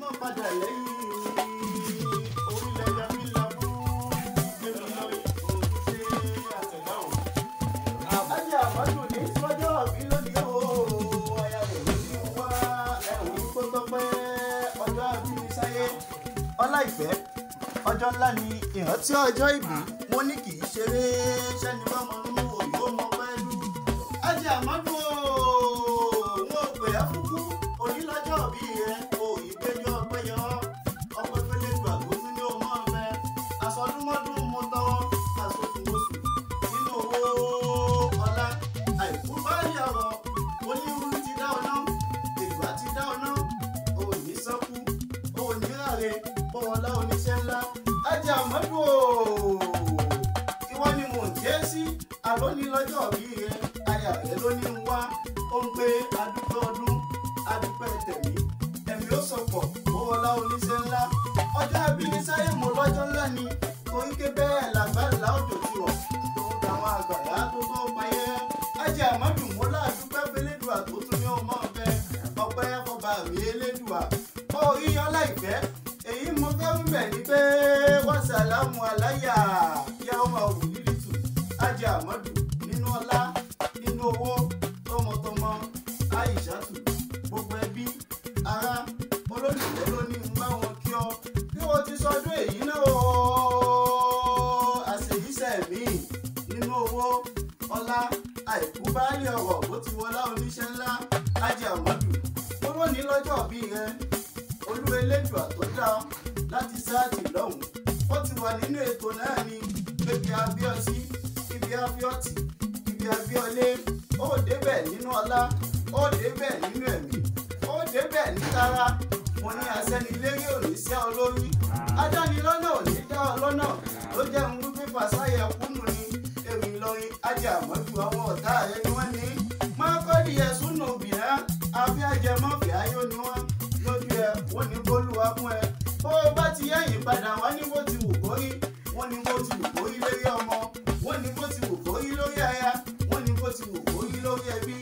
má padà lẹ́yìn. ọláìfẹ́ ọjọ́ ńlá ni ìrántí ọjọ́ ìbí mo ní kì í ṣeré sẹ́ni bá mọ nínú òyìnbó mọ pẹ́ẹ́lú. ajé àmọ́dún. ké bẹ́ẹ̀ làgbàlá òjò ti rọ̀ tòun táwọn àgbàlá tó tó payẹ́ ajé àmọ́dù mọ́lá àdúpẹ́ fẹ́lẹ́dùà tó tún ní ọmọ ọ̀fẹ́ ọpẹ́ ọba mi elédùà ó yíyan láìpẹ́ èyí mo fẹ́ ń bẹ̀ ni pé wọ́n sàlámù aláyà yá ọmọ òwúlítù ajé àmọ́dù owó ọlá àìkú báàlì ọ̀rọ̀ bó ti wọlá oníṣẹ́ ńlá ajé àmọ́dù kúrò ní lọ́jọ́ bí rẹ olú elédùà tó láti sáàtì lọ́hùn ó ti wà nínú ètò náà ní bèbè abíọ́sí ibi abíọ́tì ibi abíọ́lé ó débẹ̀ nínú ọlá ó débẹ̀ nínú ẹ̀mí ó débẹ̀ nítara mo ní asẹ́nilérí òní sí olórí adánilọ́nà òní dá ọ lọ́nà ló jẹ́ ń wí pé fàṣàyẹ kúnnù ni ìlọrin ajé àmọ́jù àwọn ọ̀tá rẹ ni wọ́n ní mọ́kọ́dí ẹ̀sùn nù bìíná àfi ajẹmọ́fì ayó ni wọ́n lójú ẹ wọ́n ní bólúwa fún ẹ bó o bá ti yẹ̀yìn padà wọ́n ní bó ti wù kórí wọ́n ní bó ti wù kórí lórí ọmọ wọ́n ní bó ti wù kórí lórí aya wọ́n ní bó ti wù kórí lórí ẹbí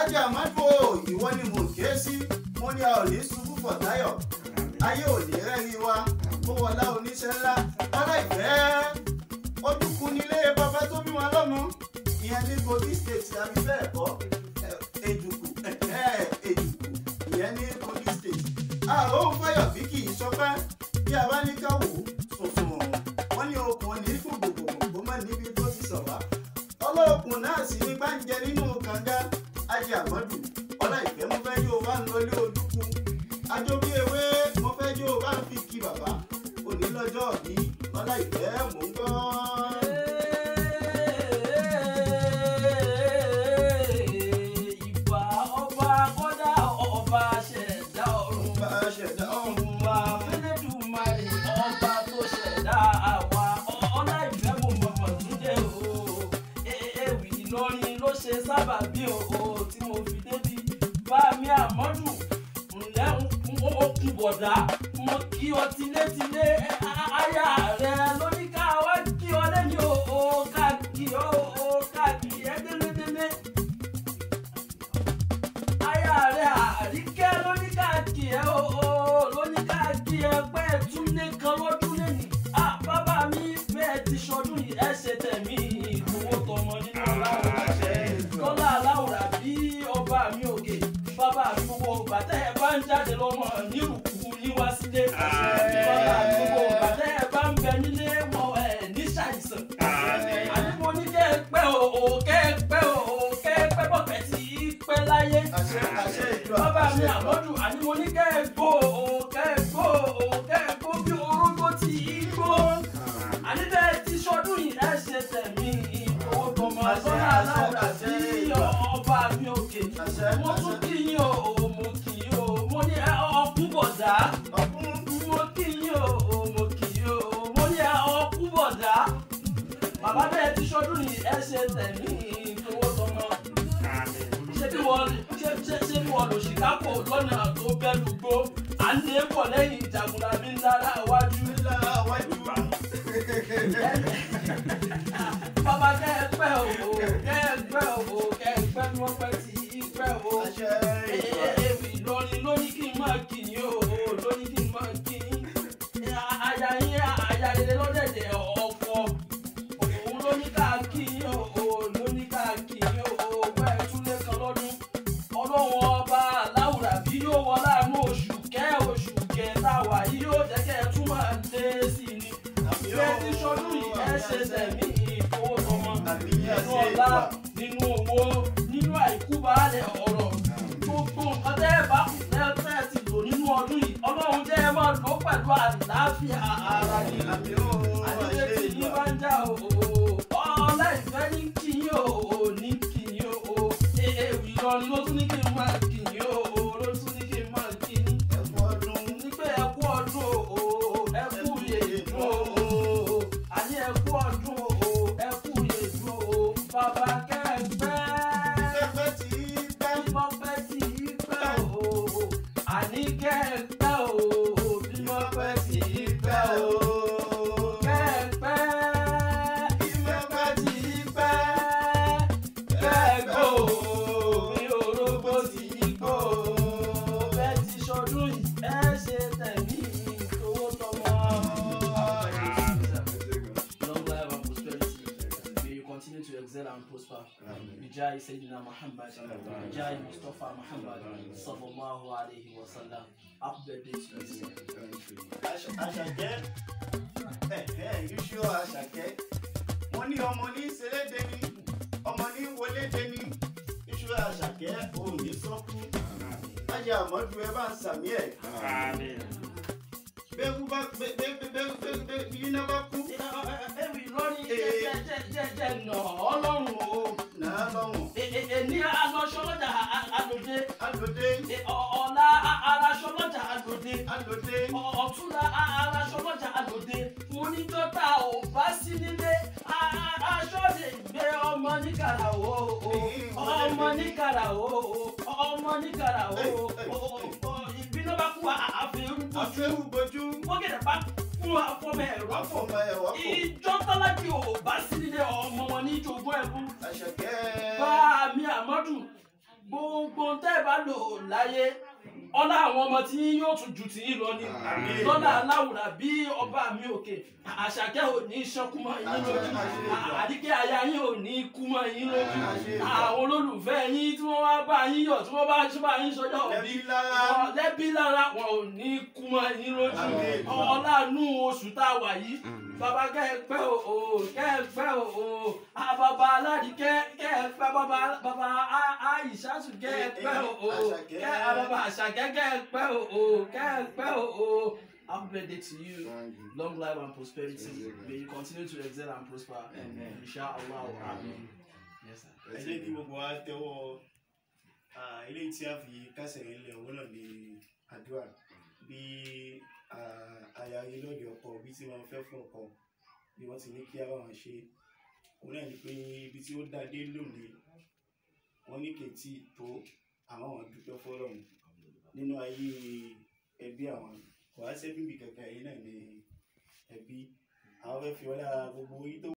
ajé àmọ́jù ìwọ ni mò ń ké sí mo ní a ò ní ṣubú pọ̀ táyọ̀ ayé ò ní rẹ́rìn wa mo wọlá oníṣẹ́ ńlá ọlá ìfẹ́ ojúkun nílé bá ìyẹn ní Kogi state àbí bẹ́ẹ̀ kọ́ Èjùkù eh, Èjùkù eh, eh, ìyẹn ní Kogi state a ó fọyọ̀ bí kì í sọpẹ́ bí a bá ní ká wò ó sùnsùn ọ̀hún wọ́n ní okùn ní fún gbogbo kó mọ̀ níbi tó ti sọ̀rọ̀ ọlọ́ọ̀kùn náà sì ní gbáǹjẹ nínú kànga ajé àmọ́dù ọlá ìfẹ́ mo fẹ́ yóò bá ń lọlé ojúkú ajó bí ewé mo fẹ́ yóò bá ń fi kí bàbá òní lọ́jọ́ mi ọlá ìfẹ́ mò ń kí bọ̀dá mo kí ọ tilétilé aya rẹ lórí ká wá kí ọ lẹ́yìn o ká kí ọ o ká kí aya rẹ àríkẹ́ lórí ká o lórí ká kí ẹ kan. ni àmọ́dù àní mo ní kẹ́ ẹ gbó o kẹ́ ẹ gbó o kẹ́ bí orógbó ti igbó àní bẹ́ẹ̀ ti sọdún yìí ẹ ṣe tẹ̀mí ìgbòho àgbọ̀nà aláwọ̀dà sí ọba mi òkè mo tún kí yín o mo kì í o mo ní ọkùn bọ̀dá mo kí yín o mo kì í o mo ní ọkùn bọ̀dá bàbá bẹ́ẹ̀ ti sọdún yìí ẹ ṣe tẹ̀mí ṣé wọ́n lò sí kápò lọ́nà tó bẹ́nu gbó à ń lé pọ̀ lẹ́yìn Jagunlabi ńlára iwájú. ńlára iwájú. bàbá kẹ́ ẹ pẹ́ o kẹ́ ẹ pẹ́ o kẹ́ ẹ pẹ́ ni wọ́n pẹ́ sí i pẹ́ o. Ìlọrin lóní kí n máa kì í o lóní kí n máa kì í. àyà yín àyà lélẹ́lọ́dẹ̀dẹ̀ ọkọ̀ òun lóní o nínú àìkú baálẹ̀ ọ̀rọ̀ gbogbo nǹkan tẹ́ ẹ bá kù tẹ́ ẹ ti lò nínú ọdún yìí ọlọ́run jẹ́ ẹ máa lò pẹ̀lú àlàáfíà ara ni àdéhùn tí yín bá ń já o ọlá ìfẹ́ ní kí yín o ní kí yín o ewì lọ lóṣù. بجاه سيدنا محمد بجاه مصطفى محمد صلى الله عليه وسلم update this Àṣàkẹ́ yíṣọ́ Àṣàkẹ́ wọ́n ní ọmọ ní ṣẹlẹ́dẹ ni ọmọ ní wọlédẹ ni yíṣọ́ Àṣàkẹ́ òun ní sọ́kú Ajé àmọ́jú ẹ bá ń sàmí ẹ̀ bẹ́ẹ̀kú bá bẹ́ẹ̀ kí iná bá kú. ẹ̀wì lọ́rin jẹ́jẹ́jẹ́ nà ọlọ́run o. nà á lọ́wọ̀n. èmi alọ́ṣọ́lọ́jà àlòdé. àlòdé. ọ̀la aláṣọ́lọ́jà àlòdé. àlòdé. ọ̀túnla aláṣọ́lọ́jà àlòdé. mo ní dọ́tà ò bá sí nílé aṣọ́ lè gbé ọmọ ní kàràwó ọmọ ní kàràwó ọmọ ní kàràwó ìbínú bá kú àfẹ́rúgbó. àfẹ́rúgbó fọ́gẹ̀dẹ̀ bá fún afọmọ ẹ̀rọ pọ̀ ìjọ tálákì ò bá sí nílé ọmọ wọn ní ìjọgbọ́n ẹ̀kú bá mi àmọ́dù gbogbo tẹ́ ẹ bá lò láyé ọlá àwọn ọmọ tí yóò tún jù tìyín lọ ni lọ́lá aláwùrà bí ọba mi òkè àṣàkẹ́ ò ní sọ́kùmọ̀ yín lójú àdíkẹ́ aya yín ò ní kúmọ̀ yín lójú àwọn olólùfẹ́ yín tí wọ́n wá bá yín yọ̀ tí wọ́n bá ṣe bá yín sọ́jọ́ òbí lẹ́bí lára wọn ò ní kúmọ̀ yín lójú ọlánú oṣù tá a wà yìí bàbá kẹ́ẹ̀pẹ́ o kẹ́ẹ̀pẹ́ o bàbá aládìkẹ́ kẹ́ẹ̀pẹ́ bàbá àìsàsù kẹ́ẹ̀pẹ́ o kẹ́ẹ̀ bàbá àṣ Asake Kekpe o, birthday to you. Long life and prosperity. May you continue to excel and prosper. Amen. Inshallah. Amen. Yes, sir. Ẹ jẹ́ kí gbogbo wa tẹ́wọ́ eléyìí tí a fi kásẹ̀ ilẹ̀ ọ̀wọ́ náà lè àdúrà bí àyà uh, ilọ́ọ̀dì ọkọ bí tí wọ́n fẹ́ fún ọkọ bí wọ́n ti ní kí àwọn ṣe òun náà ní pé ibi tí ó dá dé lónìí wọ́n ní kètì tó àwọn àwọn dúpẹ́ nínú ayé ẹbí àwọn wàá ṣẹ́bí mi kẹ̀kẹ́ ayé náà ni ẹbí àwọn fẹ́ fi ọlá gbogbo yín tó.